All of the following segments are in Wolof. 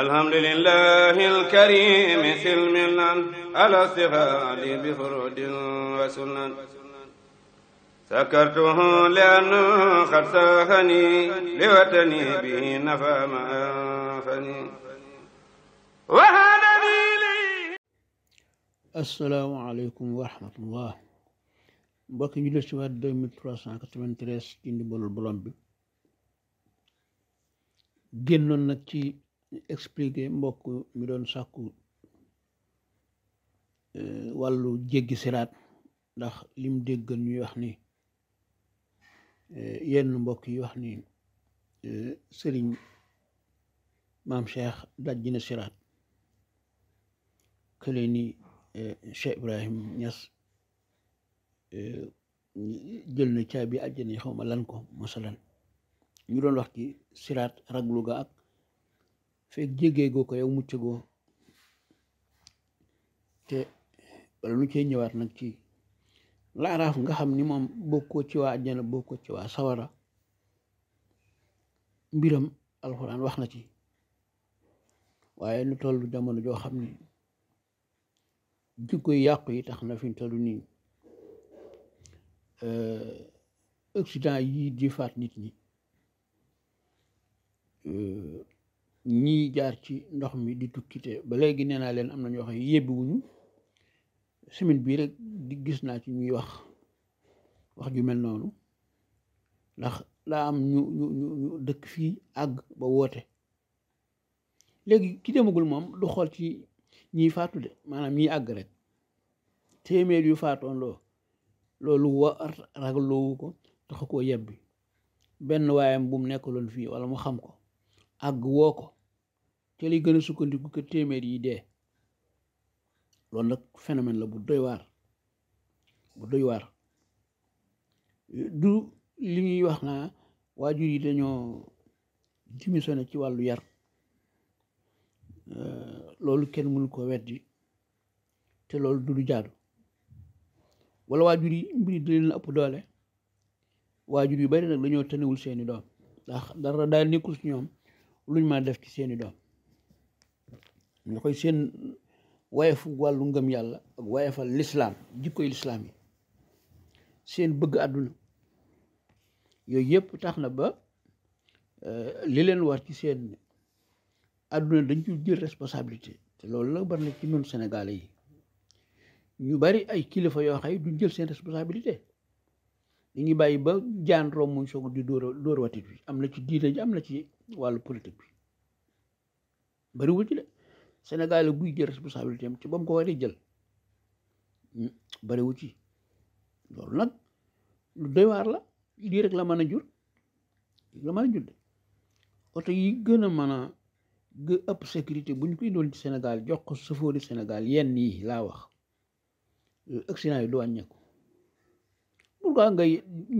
alhamdulillahi alkarimi silmilan alastifaad bifurud wa sunan sakartuhu lianna qad saahani liwatani bihi nafa ma anfani asalaamaaleykum wa rahmatullah mbokk ñu del si waat deux mille trois cent quatre-vingt-treize ci ndimbalul borom bi génnoon nag ci expliquer mbokk mi doon sàkku e, wàllu jéggi siraat ndax lim déggal ñuy wax ni e, yenn mbokk yi wax ni e, sëriñ maam cheikh dajji na siraat kële ni cheikh ibrahim ñas jël na caabi àjjana yi xaw ma lan ko masalan ñu doon wax ci siraat raglu ga ak fekk jéggeegoo ko yow mucc goo te wala nu cee ñëwaat nag ci laaraaf nga xam ni moom bokkoo ci waa àjjana bokkoo ci waa sawara mbiram alxuraan wax na ci waaye nu tollu jamono joo xam ni jikko yi yàqu yi tax na fi ñu toll nii accident yii di faat nit ñi ñii jaar ci ndox mi di tukkite ba léegi nee naa leen am na ñoo xam ne yebbi wuñu bii rek di gis naa ci ñuy wax wax ju mel noonu ndax laa am ñu ñu ñu dëkk fii àgg ba woote léegi ki demagul moom du xool ci ñiy faatu de maanaam ñiy àgg rek téeméer yu faatoon loo loolu wa ragaloowu ko tax koo yebbi benn waayam bu nekk nekkaloon fii wala mu xam ko ak woo ko te li gën a sukkandiku ko téeméer yi dee loolu nag phénomène la bu doy waar bu doy waar du li ñuy wax naa waajur yi dañoo démissionné ci wàllu yar euh, loolu kenn mënu ko weddi te loolu du lu jaadu wala waajur yi mbir yi da leen ëpp doole waajur yu bari nag dañoo tënewul seeni doom ndax dara daal nekkul si ñoom luñ ma def ci seeni doom ñu koy seen wayefu wàllu ngëm yàlla ak wayefal lislaam jikkoy lislaam yi seen bëgg àdduna yooyu yëpp tax na ba euh, li leen war ci seen àdduna dañ ci jël responsabilité te loolu la bari ci ñun sénégalais yi ñu bari ay kilifa yoo xay duñ jël seen responsabilité dañuy bàyyi ba jaan romb muy di dóor dóor watit bi am na ci diine ji am na ci wàllu politique bi bëriwul ci de Sénégal buy jël responsabilité am ci ba ko waree jël hmm, bëriwu ci loolu nag lu doy waar la lii rek la mën a jur la mën a jur de oto yi gën a mën a gën ëpp sécurité bu ñu koy doon ci senegal jox ko sofóori Sénégal yenn yi laa wax accident yi du wàññeeku pourquoi ngay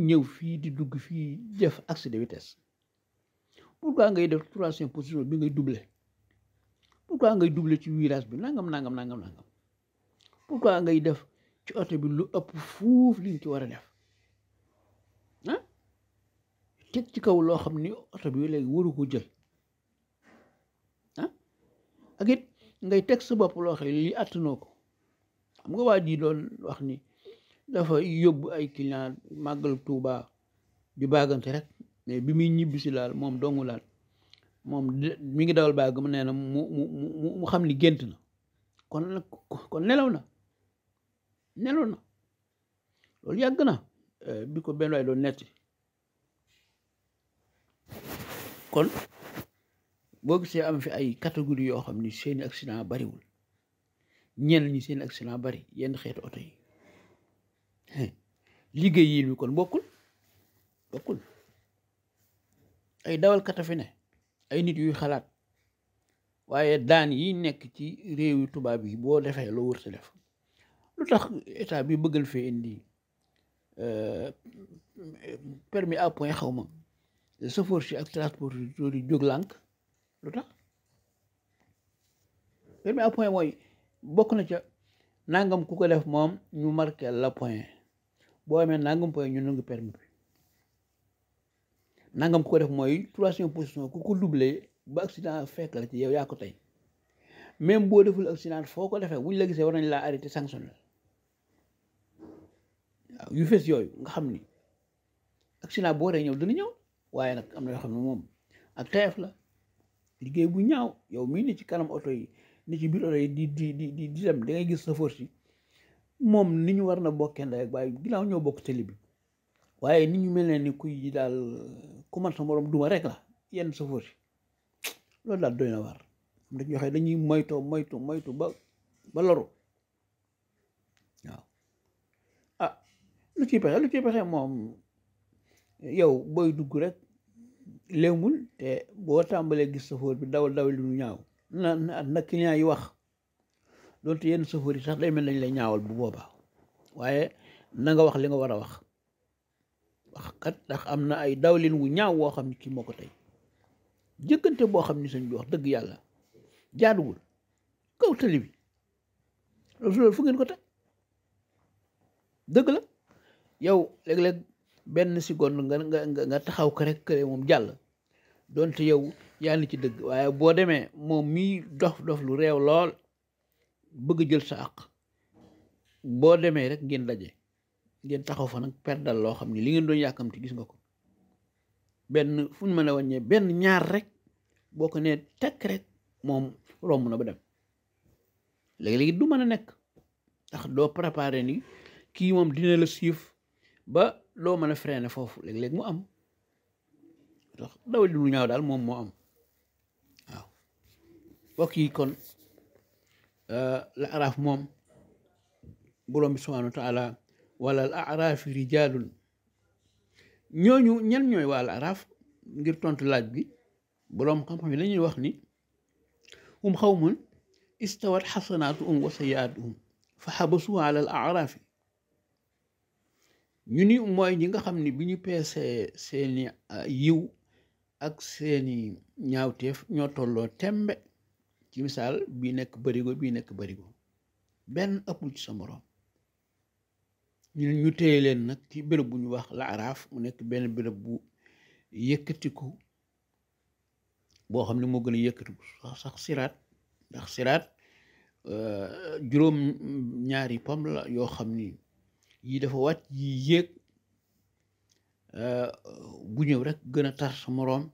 ñëw fii di dugg fii def accès de vitesse pourquoi ngay def troisième position bi ngay doubler pourquoi ngay duble ci virage bi nangam nangam nangam nangam pourquoi ngay def ci oto bi lu ëpp fuuf li nga ci war a def ah ci kaw loo xam ni oto bi léegi waru ko jël ah ak it ngay teg sa bopp loo xam ne lii àttanoo ko nga waa ji doon wax ni. dafa yóbbu ay client màggal Touba di baagante rek mais bi muy ñibbisi laal moom dongu laal moom mi ngi dawal baag mu nee na mu mu mu xam ni gént na kon nag kon nelaw na nelaw na loolu yàgg na eh, bi ko benn waay doon netti kon boo gisee am fi ay catégorie yoo xam ni seeni accident bariwul ñenn ñi seeni accident bari yenn xeetu oto yi liggéey yi bi kon bokkul bokkul ay dawalkat a ay nit yuy xalaat waaye daan yi nekk ci réewi tubaab yi boo defee loo wërta def lu tax état bi bëggal fee indi euh, permis à point xaw ma safoor si ak transporteur yi jóg lànk lu tax permis à mooy bokk na ca nangam ku ko def moom ñu marqué la point boo amee nangam point ñu nangu permis bi nangam ku ko def mooy troisième position ku ko doublé ba accident fekk la ci yow yaa tey même boo deful accident foo ko defee buñ la gisee war nañ laa arrêté sanction yu fees yooyu nga xam ni accident boo ree ñëw dina ñëw waaye nag am na yoo xam ne moom a tayef la liggéey bu ñaaw yow mii ni ci kanam oto yi ni ci biir oto yi di di di di dem da ngay gis sa force yi moom ni ñu war na bokkee ndey ak bàyyi ginnaaw ñoo bokk télé bi waaye ni ñu mel ne ni kuy daal ku man moroom morom duma rek la yenn sa fóoti loolu daal doy na war am na ñoo dañuy moytoo moytu moytu ba ba loru waaw ah lu ciy pexe lu ciy pexe moom yow booy dugg rek léemul te boo tàmbalee gis sa bi dawal dawal lu ñaaw na na client yi wax doonte yenn chauffeur yi sax day mel nañ lay ñaawal bu boobaa waaye na nga wax li nga war a wax wax kat ndax am na ay dawlin wu ñaaw woo xam ne kii moo ko tey jëkkante boo xam ne sañ bi wax dëgg yàlla jaaduwul kaw tali bi loolu fu ngeen ko teg dëgg la yow léeg-léeg benn seconde nga nga nga taxaw ko rek moom jàll doonte yow yaa ngi ci dëgg waaye boo demee moom mii dof dof lu réew lool bëgg jël sa àq boo demee rek ngeen daje ngeen taxaw fa nag perdal loo xam ne li ngeen doon yàkkamti gis nga ko benn fu ñu mën a wàññee benn ñaar rek boo ko nee tekk rek moom romb na ba dem léegi-léegi du mën a nekk ndax doo préparer ni kii moom dina la siif ba doo mën a freiner foofu léegi-léegi mu am ndax dawal du ñaaw daal moom moo am waaw mbokk yi kon la moom borom bi subhanahu wa taala wala al araafi ñooñu ñan ñooy waa al ngir tontu laaj bi boroom xam-xam yi lañuy wax ni hum xawmun istawat xasanaatuhum wa sayaatuhum fa xabasu ala al ñu ni mooy ñi nga xam ni bi ñu peesee seeni ah, yiw ak seeni ñaawteef ñoo tolloo tembe ci misaal bii nekk bërigo bii nekk barigo benn ëppul ci sa moroom ñu ñu téye leen nag ci béréb bu ñu wax la araaf mu nekk benn béréb bu yëkkatiku boo xam ne moo gën a yëkkatiku sax siraat ndax siraat euh, juróom ñaari pom yoo xam ni yii dafa wat yi yéeg euh, bu ñëw rek gën a tar sa moroom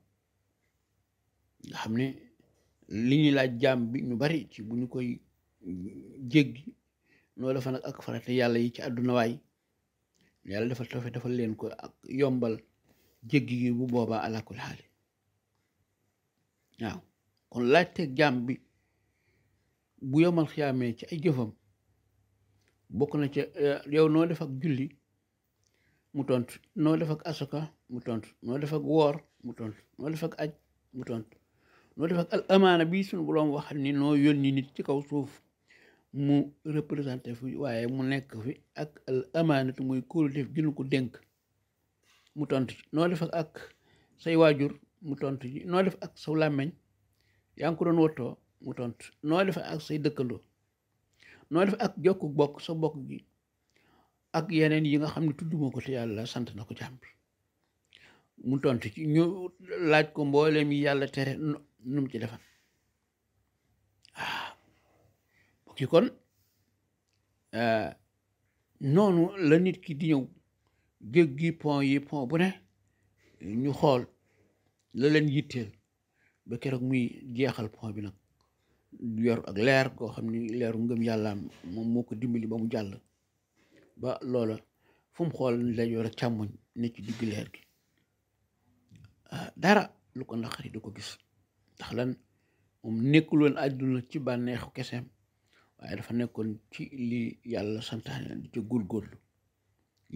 nga xam ne li ñuy laaj jaam bi ñu bari ci bu ñu koy mm, jéggi noo dafa nag ak farata yàlla yi ci àdduna waay yàlla dafa toofe dafa leen ko ak yombal jéggi gi bu boobaa alakul xaali waaw kon laaj jaam bi bu yomal xiyaamee ci ay jëfam bokk na ca eh, yow noo def ak julli mu tont noo def ak mu tontu noo defag woor mu tontu noo def aj mu tontu noo def ak al amaana bi suñu boroom wax ni noo yónni nit ci kaw suuf mu représenté fu waaye mu nekk fi ak al amaanatu muy kóolu def gënu ko dénk mu tontu noo def ak say waajur mu tontu noo def ak saw làmmeñ yaa ngi ko doon wottoo mu tontu noo def ak say dëkkandoo noo def ak jokku bokk sa bokk gi ak yeneen yi nga xam ne tudduma ko te yàlla sant na ko jàmm mu tontu ci ñu laaj ko mbooleem yi yàlla tere nu mu ci defan waaw ah, bokki kon euh, noonu la nit ki di ñëw géej gi pon yi pon bu ne ñu xool la leen yitteel ba keroog muy jeexal pon bi nag yor ak leer koo xam ni leeru ngëm yàllaam moom moo ko dimbali ba mu jàll ba loola fu mu xool lay yor ak càmmoñ ne ci digg leer gi ah, dara lu ko naqari du ko gis ndax lan moom nekkul woon àdduna ci bànneexu keseem waaye dafa nekkoon ci li yàlla santaane di ci góorgóorlu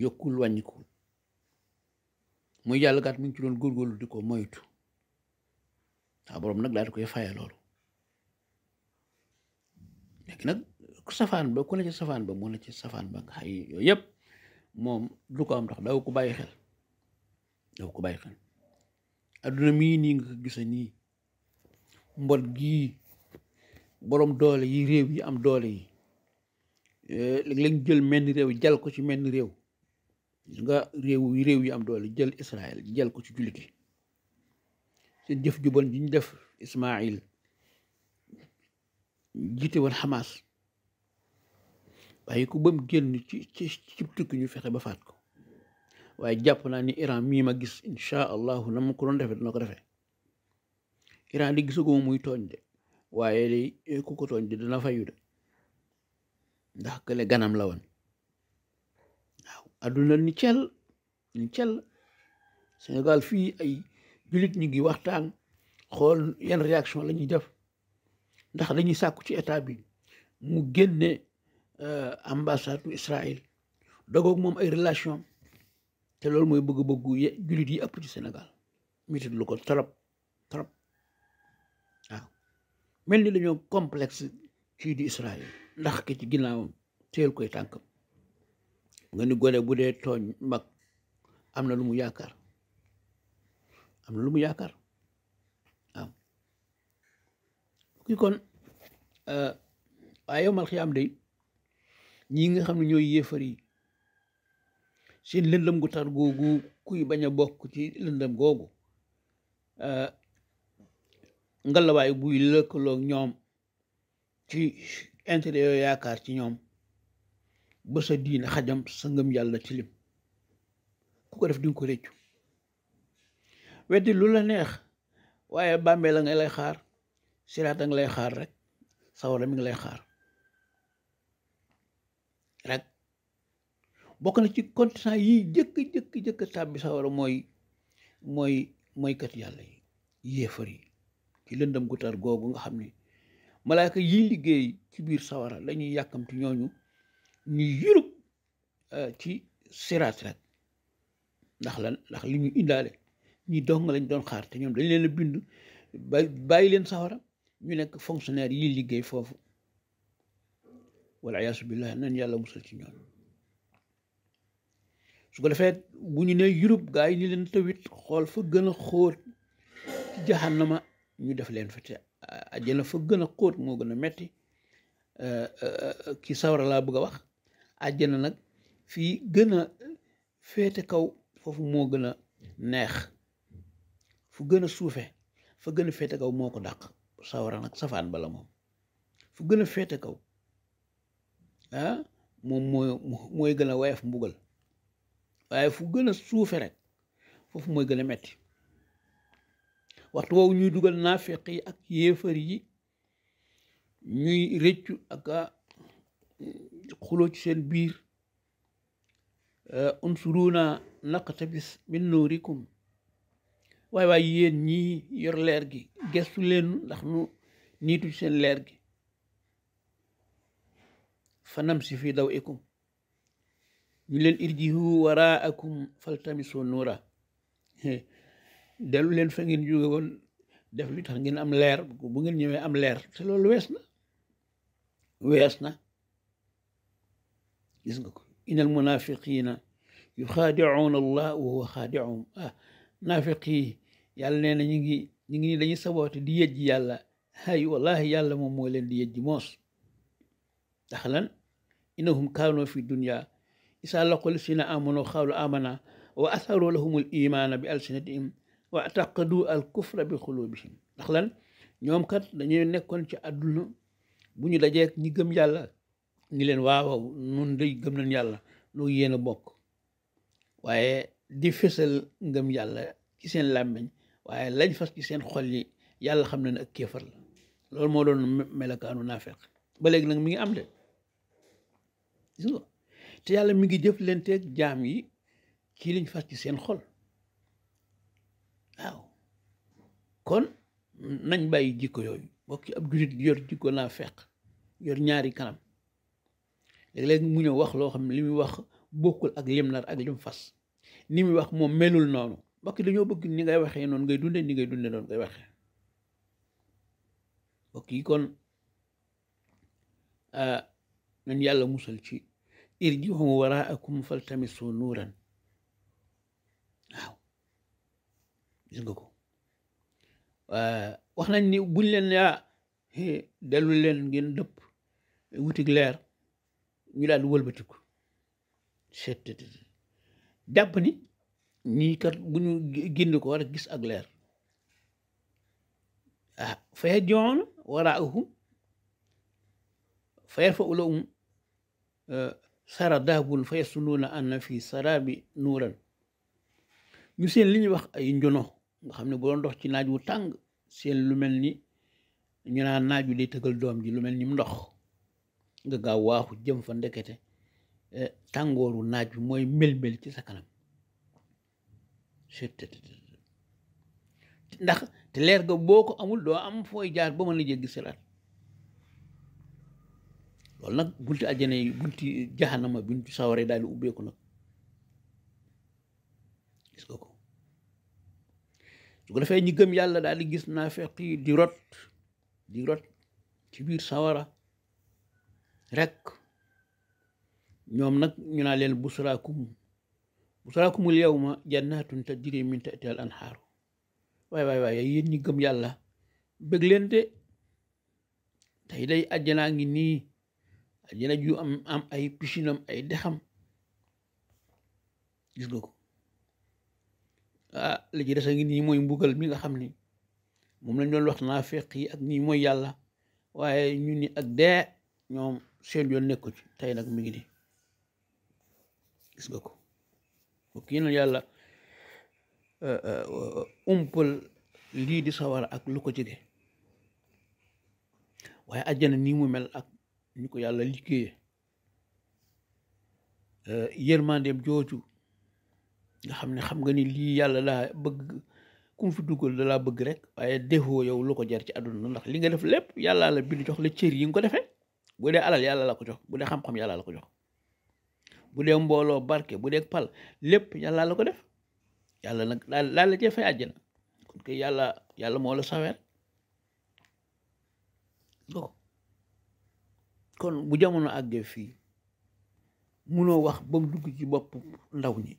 yokkul wàññikul muy yàlla gaat mu ngi ci doon góorgóorlu di ko moytu saa boroom nag daal di koy faye loolu léegi nag safaan ba ku ne safaan ba mu ne ci safaan ba nga xay yooyu yépp moom du ko am ndax daw ko bàyyi xel daw ko bàyyi xel adduna mii nii nga ko gisa nii mbon gi borom doole yi réew yi am doole yi eh, lañ jël menn réew jal ko ci menn réew gis nga réew yi réew yi am doole jël Israël jal ko ci jullit yi seen jëf ju ji ñu def Ismaïl jiite woon xamaas waaye ku bam génn ci ci ci tukki ñu fexe ba faat ko waaye jàpp naa ni Iran mii ma gis incha allahu na mu ko doon defee dina ko defee iraan di gisaguma muy tooñ de waaye li ku ko tooñ de dina fayu de ndax kële ganam la woon waaw adduna ni cel ni cel Sénégal fii ay jullit ñu ngi waxtaan xool yan réaction la ñuy def ndax dañuy sàkku ci état bi mu génne euh, ambassade u Israël dogoog moom ay relation te loolu mooy bëgg-bëggu jullit yi ëpp ci Sénégal mitit lu ko trop mel ni dañoo complexe kii di Israël ndax ki ci ginnaawam teel koy tànkam nga ni gone bu dee tooñ mag am na lu mu yaakaar am na lu mu yaakaar ki kon euh, waaye yow mal xiyaam de ñi nga xam ne ñooy yéefar yi seen lëndëm gu tar googu kuy bañ a bokk ci lëndëm googu euh, ngalawaay buy lëkkaloog ñoom ci intérêt yoo yaakaar ci ñoom ba sa diine xajam sa ngëm yàlla tilim ku ko def dinga ko réccu weddi lu la neex waaye bàmmeel la nga lay xaar siraat a nga lay xaar rek sawara mi ngi lay xaar rek bokk na ci continent yi jëkk jëkk jëkk tàbbi sawara mooy mooy mooykat yàlla yi yéefar yi ci lëndëm gu tar googu nga xam ni malaayka yi liggéey ci biir sawara lañuy ñuy yàkkamti ñooñu ñu yurub euh, ci siraat rek ndax lan ndax li ñu indaale ñi dong lañ doon xaar te ñoom dañ leen bind bàyyi leen sawara ñu nekk fonctionnaire yi liggéey foofu wala ayaasu billah nan yàlla musal ci ñoom su ko defee bu ñu nee yurub gaa yi ni leen tawit xool fa gën a xóot ci jahannama ñu def leen fa te àjjana fa gën a xóot moo gën a metti ki sawara laa bëgg a wax àjjana nag fii gën a féete kaw foofu moo gën a neex fu gën a suufe fa gën a féete kaw moo ko daq sawara nag safaan bala moom fu gën a féete kaw ah moom mooy mooy gën a woyof mbugal waaye fu gën a suufe rek foofu mooy gën a metti waxtu woowu ñuy dugal naafeq yi ak yéefar yi ñuy rëccu ak a xuloo ci seen biir eh, unsuruna naqtabis min nuurikum waaye waaye yéen ñii yor leer gi gestu leen ndax nu niitu seen leer gi fanam si fii daw ikum ñu leen irjihu waraakum faltamisu nuura dellu leen fa ngeen jóge woon def li tax ngeen am leer bu ngeen ñëwee am leer te loolu wees na wees na gis nga ko inal munafiqina yuxaadicuuna allah wa huwa xaadicuhum ah naafiq yi yàlla nee na ñu ngi ñu ngi dañuy saboote di yejji yàlla hay wallahi yàlla moom moo leen di yejji moos ndax lan innahum kaanoo fi dunya isa laqul sina amano xaalu amana wa atharu lahum al imaana bi alsinatihim wa taqadu al kufra bi xulubihim ndax lan ñoom kat dañuy nekkoon ci àdduna bu ñu dajee ñi gëm yàlla ñi leen waawaw nun day gëm nañ yàlla loolu yéen a bokk waaye di fësal ngëm yàlla ci seen làmmiñ waaye lañ fas ci seen xol yi yàlla xam na ne ak kéefar la loolu moo doon naa naafeq ba léegi nag mi ngi am de te yàlla mi ngi jëf leen teeg jaam yi ci liñ fas ci seen xol waaw kon nañ bàyyi jikko yooyu bokk ci ab jurit yor jikko naa fekk yor ñaari kanam léeg-léeg mu ñëw wax loo xam ne li muy wax bokkul ak lim nar ak lim fas ni muy wax moom melul noonu mbokk dañoo bëgg ni ngay waxee noonu ngay dunde ni ngay dunde noonu noon waxee mbokk yi kon ah, nañ yàlla musal ci irji'u tamit faltamisu nuuran gis nga ko eh, wax nañ ni buñ leen yaa ah, eh, dellu leen ngeen dëpp wutik leer ñu daal di wëlbatiku di jàpp ni ñii kat bu ñu génn ko war a gis ak leer ah faya joon waraahum fayar fa ulahum eh, sara daabun fayasunuuna anna fi saraabi nuuran ñu seen li ñuy wax ay njono nga xam ne bu ndox ci naaj wu tàng seen lu mel ni ñu naan naaj wi day tëgal doom ji lu mel ni mu ndox nga gaaw waaxu jëm fa ndekete eh, tàngooru naaj wi mooy mel-mel ci sa kanam ndax te leer ga boo ko amul doo am fooy jaar ba mën a jéggi siraat loolu nag bunti àjjana yi bunti jahanama bunti saware daal di ubbeeku nag su ko defee ñi gëm yàlla daal di gis naa fekk di rot di rot ci biir sawara rek ñoom nag ñu naa leen busraakum busraakumul yawma jannaatun tajri min tahtiha al anhaar waay waay waay yéen ñi gëm yàlla bëgg leen de tey day àjjanaa ngi nii àjjana ju am am ay piscine ay dexam gis ah li a ngi nii mooy mbugal mi nga xam ni moom lañ doon wax naa feq yi ak nii mooy yàlla waaye ñu ni ak dee ñoom seen yoon nekku ci tey nag mi ngi nii gis nga ko bokk yi na yàlla eh, eh, umpal lii di sawar ak lu ko jege waaye àjjana nii mu mel ak ñu ko yàlla liggéeye eh, yërmandeem jooju nga xam ne xam nga ni lii yàlla laa bëgg ku mu fi dugal da laa bëgg rek waaye defoo yow lu ko jar ci àdduna ndax li nga def lépp yàllaa la jox la cër yi nga ko defee bu yàlla la ko jox bu dee xam ko jox bu mbooloo barke bu dee pal lépp yàllaa la ko def yàlla nag daal daal la cee fay àjjana kon yàlla yàlla moo la saweer kon bu jamono àggee fii munoo wax ba dugg ci bopp ndaw ñi